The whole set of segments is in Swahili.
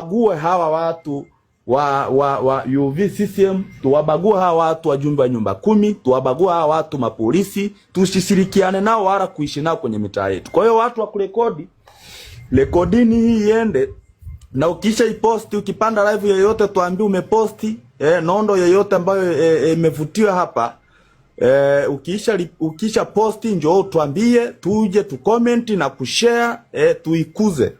tuwabague hawa watu wa wa, wa UVCCM, tuwabague hawa watu wajumbe wa nyumba kumi, tuwabague hawa watu mapolisi, tusishirikiane nao wala kuishi nao kwenye mitaa yetu. Kwa hiyo watu wa kurekodi, rekodini hii iende, na ukisha iposti, ukipanda live yoyote tuambie umeposti eh, nondo yoyote ambayo imevutiwa eh, eh, hapa Eh, ukiisha ukisha posti njoo tuambie, tuje tucomment na kushare eh, tuikuze.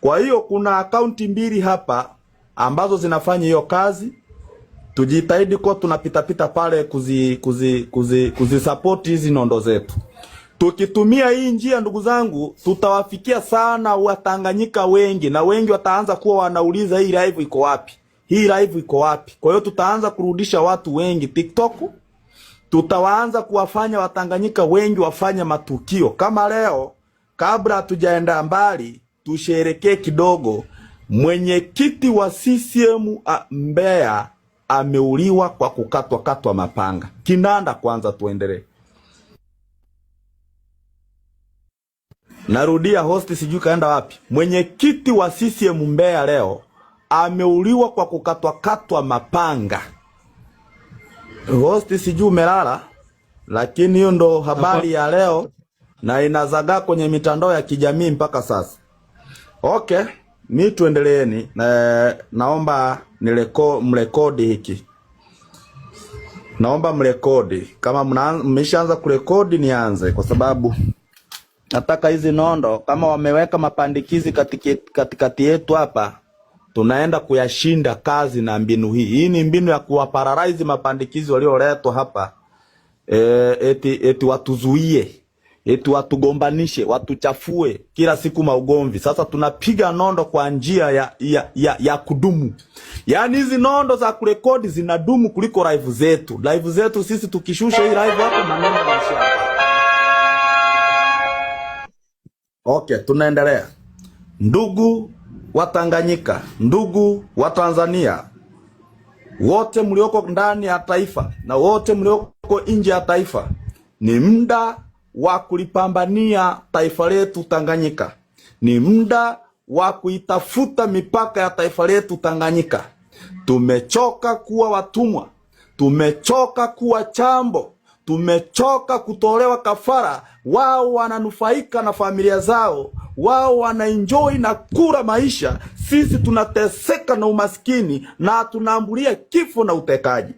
Kwa hiyo kuna akaunti mbili hapa ambazo zinafanya hiyo kazi. Tujitahidi kwa tunapitapita pale kuzi kuzi kuzi kuzisapoti hizi nondo zetu. Tukitumia hii njia, ndugu zangu, tutawafikia sana Watanganyika wengi, na wengi wataanza kuwa wanauliza hii live iko wapi, hii live iko wapi? Kwa hiyo tutaanza kurudisha watu wengi TikTok, tutawaanza kuwafanya Watanganyika wengi wafanye matukio kama leo. Kabla hatujaenda mbali tusherekee kidogo. Mwenyekiti wa CCM Mbeya ameuliwa kwa kukatwa katwa mapanga. Kinanda kwanza, tuendelee. Narudia, hosti sijui kaenda wapi. Mwenyekiti wa CCM Mbeya leo ameuliwa kwa kukatwa katwa mapanga. Hosti sijui umelala, lakini hiyo ndo habari ya leo na inazagaa kwenye mitandao ya kijamii mpaka sasa. Okay, mi tuendeleeni na, naomba nileko, mrekodi hiki naomba mrekodi kama mmeshaanza kurekodi, nianze kwa sababu nataka hizi nondo kama wameweka mapandikizi katikati yetu hapa, tunaenda kuyashinda kazi na mbinu hii. Hii ni mbinu ya kuwapararaizi mapandikizi walioletwa hapa e, eti, eti watuzuie eti watugombanishe, watuchafue kila siku maugomvi. Sasa tunapiga nondo kwa njia ya, ya, ya, ya kudumu. Yaani hizi nondo za kurekodi zinadumu kuliko live zetu. Live zetu sisi tukishusha hii live hapo maneno yanaishia. Okay, tunaendelea. Ndugu wa Tanganyika, ndugu wa Tanzania, wote mlioko ndani ya taifa na wote mlioko nje ya taifa, ni muda wa kulipambania taifa letu Tanganyika. Ni muda wa kuitafuta mipaka ya taifa letu Tanganyika. Tumechoka kuwa watumwa, tumechoka kuwa chambo, tumechoka kutolewa kafara. Wao wananufaika na familia zao, wao wanaenjoi na kula maisha, sisi tunateseka na umaskini na tunaambulia kifo na utekaji.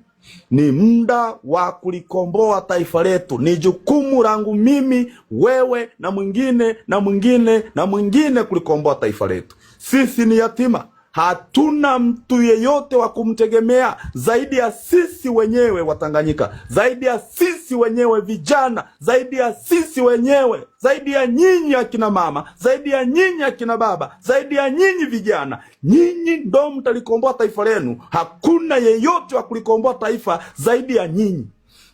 Ni muda wa kulikomboa taifa letu. Ni jukumu langu mimi, wewe na mwingine na mwingine na mwingine kulikomboa taifa letu. Sisi ni yatima. Hatuna mtu yeyote wa kumtegemea zaidi ya sisi wenyewe Watanganyika, zaidi ya sisi wenyewe vijana, zaidi ya sisi wenyewe, zaidi ya nyinyi akina mama, zaidi ya nyinyi akina baba, zaidi ya nyinyi vijana. Nyinyi ndo mtalikomboa taifa lenu. Hakuna yeyote wa kulikomboa taifa zaidi ya nyinyi.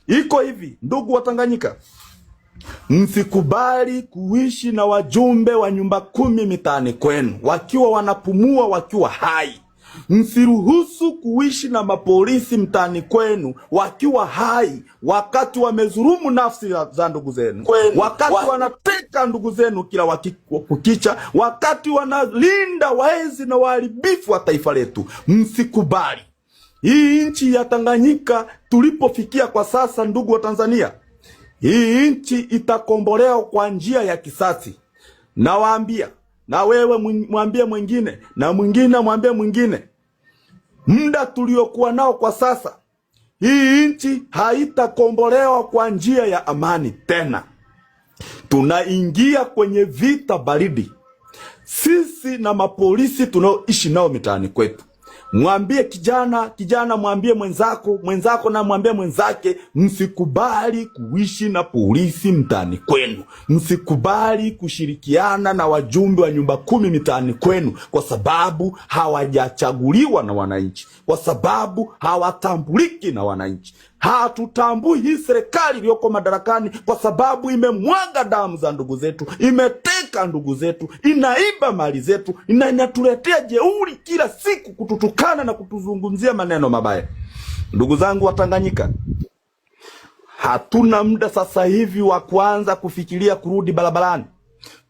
Iko hivi, ndugu Watanganyika. Msikubali kuishi na wajumbe wa nyumba kumi mitaani kwenu, wakiwa wanapumua, wakiwa hai. Msiruhusu kuishi na mapolisi mtaani kwenu wakiwa hai, wakati wamezurumu nafsi za ndugu zenu kwenu, wakati wa... wanateka ndugu zenu kila wakukicha, wakati wanalinda waezi na waharibifu wa taifa letu. Msikubali. Hii nchi ya Tanganyika tulipofikia kwa sasa, ndugu wa Tanzania hii nchi itakombolewa kwa njia ya kisasi. Nawaambia na wewe mwambie mwingine na mwingine mwambie mwingine, muda tuliokuwa nao kwa sasa, hii nchi haitakombolewa kwa njia ya amani tena. Tunaingia kwenye vita baridi, sisi na mapolisi tunaoishi nao mitaani kwetu. Mwambie kijana, kijana mwambie mwenzako, mwenzako na mwambie mwenzake, msikubali kuishi na polisi mtaani kwenu, msikubali kushirikiana na wajumbe wa nyumba kumi mitani kwenu, kwa sababu hawajachaguliwa na wananchi, kwa sababu hawatambuliki na wananchi hatutambui hii serikali iliyoko madarakani, kwa sababu imemwaga damu za ndugu zetu, imeteka ndugu zetu, inaiba mali zetu, na inatuletea jeuri kila siku kututukana na kutuzungumzia maneno mabaya. Ndugu zangu wa Tanganyika, hatuna muda sasa hivi wa kuanza kufikiria kurudi barabarani.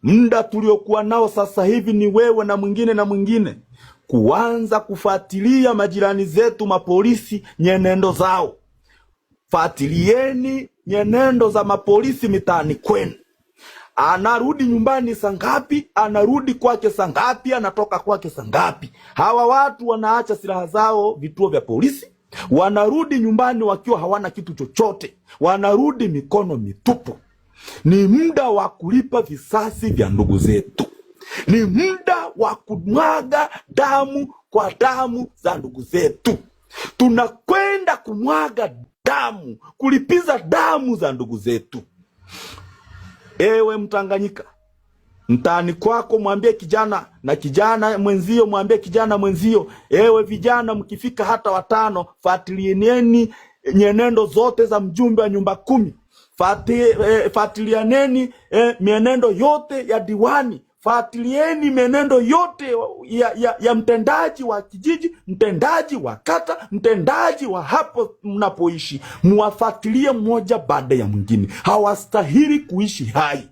Muda tuliokuwa nao sasa hivi ni wewe na mwingine na mwingine kuanza kufuatilia majirani zetu, mapolisi, nyenendo zao fatilieni nyenendo za mapolisi mitaani kwenu. Anarudi nyumbani saa ngapi? Anarudi kwake saa ngapi? Anatoka kwake saa ngapi? Hawa watu wanaacha silaha zao vituo vya polisi, wanarudi nyumbani wakiwa hawana kitu chochote, wanarudi mikono mitupu. Ni muda wa kulipa visasi vya ndugu zetu, ni muda wa kumwaga damu kwa damu za ndugu zetu. Tunakwenda kumwaga damu, kulipiza damu za ndugu zetu. Ewe Mtanganyika, mtaani kwako mwambie kijana na kijana mwenzio, mwambie kijana mwenzio. Ewe vijana, mkifika hata watano, fuatilieni nyenendo zote za mjumbe wa nyumba kumi. fatilianeni eh, eh, mienendo yote ya diwani Fuatilieni menendo yote ya, ya, ya mtendaji wa kijiji, mtendaji wa kata, mtendaji wa hapo mnapoishi, muwafuatilie mmoja baada ya mwingine. Hawastahili kuishi hai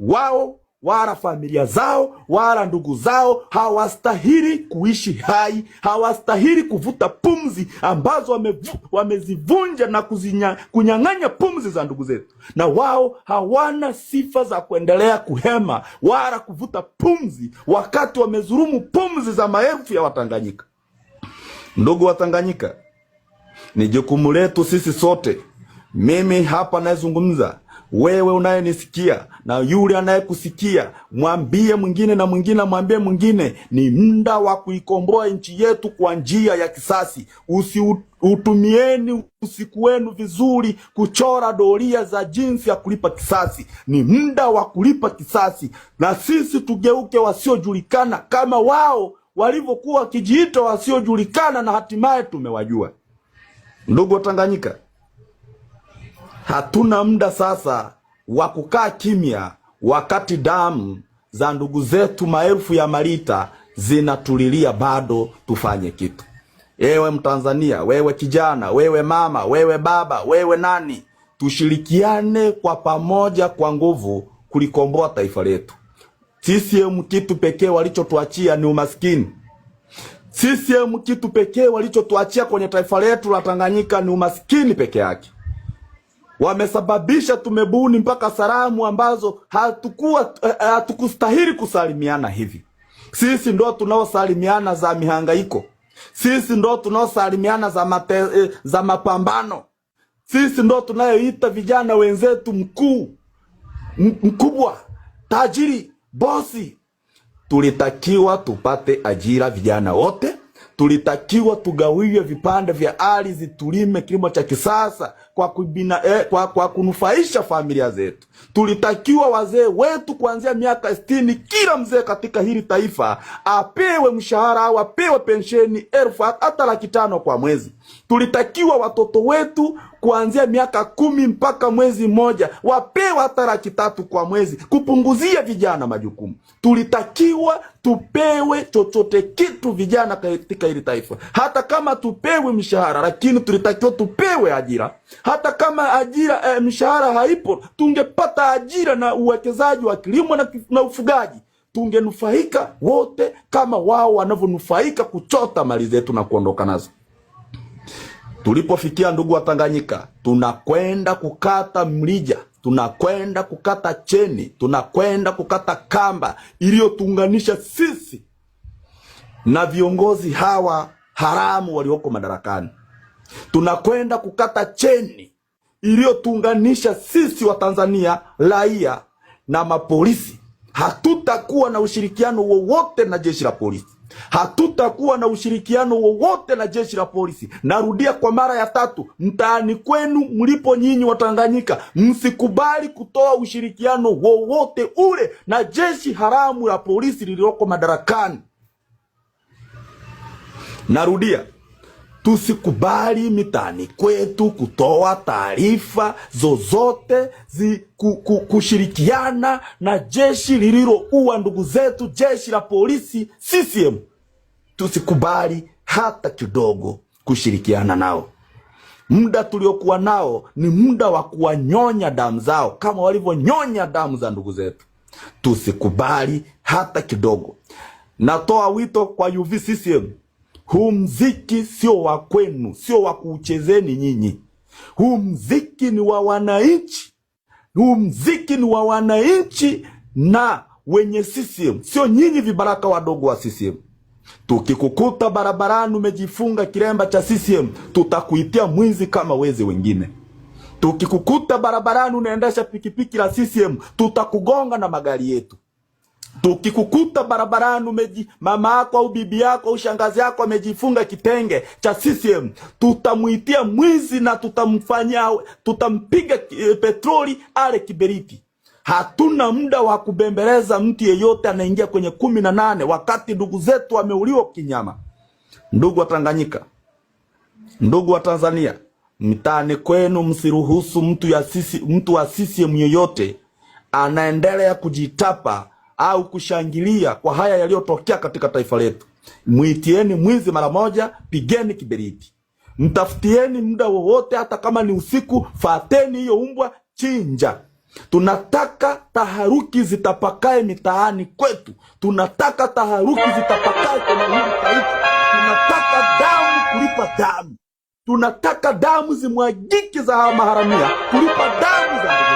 wao wala familia zao wala ndugu zao hawastahili kuishi hai, hawastahili kuvuta pumzi ambazo wame, wamezivunja na kuzinya, kunyang'anya pumzi za ndugu zetu, na wao hawana sifa za kuendelea kuhema wala kuvuta pumzi wakati wamezurumu pumzi za maelfu ya Watanganyika. Ndugu Watanganyika, ni jukumu letu sisi sote, mimi hapa nayezungumza wewe unayenisikia na yule anayekusikia, mwambie mwingine na mwingine amwambie mwingine, ni muda wa kuikomboa nchi yetu kwa njia ya kisasi. Usiutumieni usiku wenu vizuri kuchora doria za jinsi ya kulipa kisasi. Ni muda wa kulipa kisasi, na sisi tugeuke wasiojulikana kama wao walivyokuwa wakijiita wasiojulikana, na hatimaye tumewajua. Ndugu wa Tanganyika, Hatuna muda sasa wa kukaa kimya wakati damu za ndugu zetu maelfu ya marita zinatulilia, bado tufanye kitu. Ewe Mtanzania, wewe kijana, wewe mama, wewe baba, wewe nani, tushirikiane kwa pamoja kwa nguvu kulikomboa taifa letu. CCM kitu pekee walichotuachia ni umaskini. CCM kitu pekee walichotuachia kwenye taifa letu la Tanganyika ni umaskini peke yake wamesababisha tumebuni mpaka salamu ambazo hatukuwa eh, eh, hatukustahili kusalimiana hivi. Sisi ndo tunaosalimiana za mihangaiko, sisi ndo tunaosalimiana za mate, eh, za mapambano, sisi ndo tunayoita vijana wenzetu mkuu, mkubwa, tajiri, bosi. Tulitakiwa tupate ajira vijana wote tulitakiwa tugawiwe vipande vya ardhi tulime kilimo cha kisasa kwa, kubina, eh, kwa, kwa kunufaisha familia zetu. Tulitakiwa wazee wetu kuanzia miaka sitini, kila mzee katika hili taifa apewe mshahara au apewe pensheni elfu hata laki tano kwa mwezi tulitakiwa watoto wetu kuanzia miaka kumi mpaka mwezi mmoja wapewa hata laki tatu kwa mwezi, kupunguzia vijana majukumu. Tulitakiwa tupewe chochote kitu vijana katika hili taifa, hata kama tupewe mshahara, lakini tulitakiwa tupewe ajira. Hata kama ajira eh, mshahara haipo, tungepata ajira na uwekezaji wa kilimo na, na ufugaji tungenufaika wote kama wao wanavyonufaika kuchota mali zetu na kuondoka nazo. Tulipofikia ndugu wa Tanganyika, tunakwenda kukata mlija, tunakwenda kukata cheni, tunakwenda kukata kamba iliyotuunganisha sisi na viongozi hawa haramu walioko madarakani. Tunakwenda kukata cheni iliyotuunganisha sisi wa Tanzania raia na mapolisi. Hatutakuwa na ushirikiano wowote na jeshi la polisi hatutakuwa na ushirikiano wowote na jeshi la polisi. Narudia kwa mara ya tatu, mtaani kwenu mlipo nyinyi Watanganyika, msikubali kutoa ushirikiano wowote ule na jeshi haramu la polisi lililoko madarakani. Narudia. Tusikubali mitaani kwetu kutoa taarifa zozote zi kushirikiana na jeshi lililoua ndugu zetu, jeshi la polisi CCM. Tusikubali hata kidogo kushirikiana nao. Muda tuliokuwa nao ni muda wa kuwanyonya damu zao kama walivyonyonya damu za ndugu zetu. Tusikubali hata kidogo. Natoa wito kwa UVCCM huu mziki sio wa kwenu, sio wa kuuchezeni nyinyi. Huu mziki ni wa wananchi, huu mziki ni wa wananchi na wenye CCM, sio nyinyi vibaraka wadogo wa CCM. Tukikukuta barabarani umejifunga kiremba cha CCM, tutakuitia mwizi kama wezi wengine. Tukikukuta barabarani unaendesha pikipiki la CCM, tutakugonga na magari yetu. Tukikukuta barabarani umeji mama yako au bibi yako au shangazi yako amejifunga kitenge cha CCM, tutamuitia mwizi na tutamfanya tutampiga eh, petroli ale kiberiti. Hatuna muda wa kubembeleza mtu yeyote anaingia kwenye kumi na nane wakati ndugu zetu wameuliwa kinyama. Ndugu wa Tanganyika, ndugu wa Tanzania, mtaani kwenu msiruhusu mtu ya sisi, mtu wa CCM yeyote anaendelea kujitapa au kushangilia kwa haya yaliyotokea katika taifa letu. Mwitieni mwizi mara moja, pigeni kiberiti, mtafutieni muda wowote, hata kama ni usiku, fateni hiyo umbwa chinja. Tunataka taharuki zitapakae mitaani kwetu, tunataka taharuki zitapakae kwenye hili taifa, tunataka damu kulipa damu, tunataka damu zimwagiki za maharamia kulipa damu za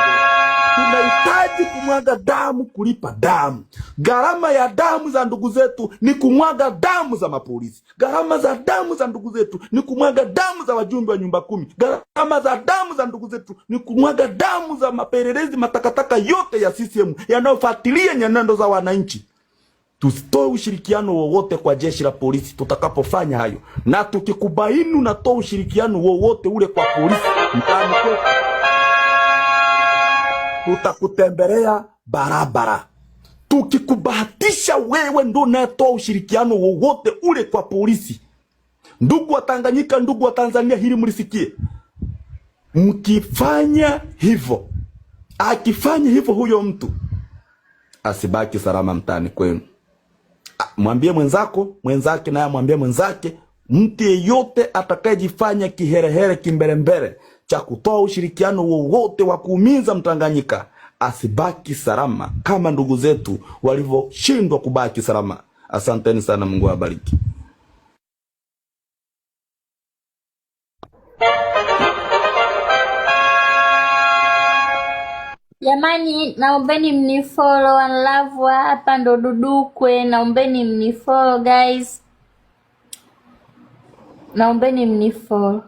tunahitaji kumwaga damu kulipa damu. Gharama ya damu za ndugu zetu ni kumwaga damu za mapolisi. Gharama za damu za ndugu zetu ni kumwaga damu za wajumbe wa nyumba kumi. Gharama za damu za ndugu zetu ni kumwaga damu za mapelelezi matakataka yote ya CCM yanayofuatilia nyanendo za wananchi. Tusitoe ushirikiano wowote kwa jeshi la polisi tutakapofanya hayo, na tukikubaini unatoa ushirikiano wowote ule kwa polisi mtaani kwetu tutakutembelea barabara. Tukikubahatisha wewe ndo unayetoa ushirikiano wowote ule kwa polisi, ndugu wa Tanganyika, ndugu wa Tanzania, hili mlisikie. Mkifanya hivyo, akifanya hivyo huyo mtu asibaki salama mtaani kwenu. Ah, mwambie mwenzako, mwenzake naye mwambie mwenzake, mtu yeyote atakayejifanya kiherehere, kimbelembele cha kutoa ushirikiano wowote wa kuumiza Mtanganyika asibaki salama kama ndugu zetu walivyoshindwa kubaki salama. Asanteni sana, Mungu awabariki. Jamani, naombeni mnifollow love hapa ndo Dudukwe, naombeni mnifollow guys, naombeni mnifollow.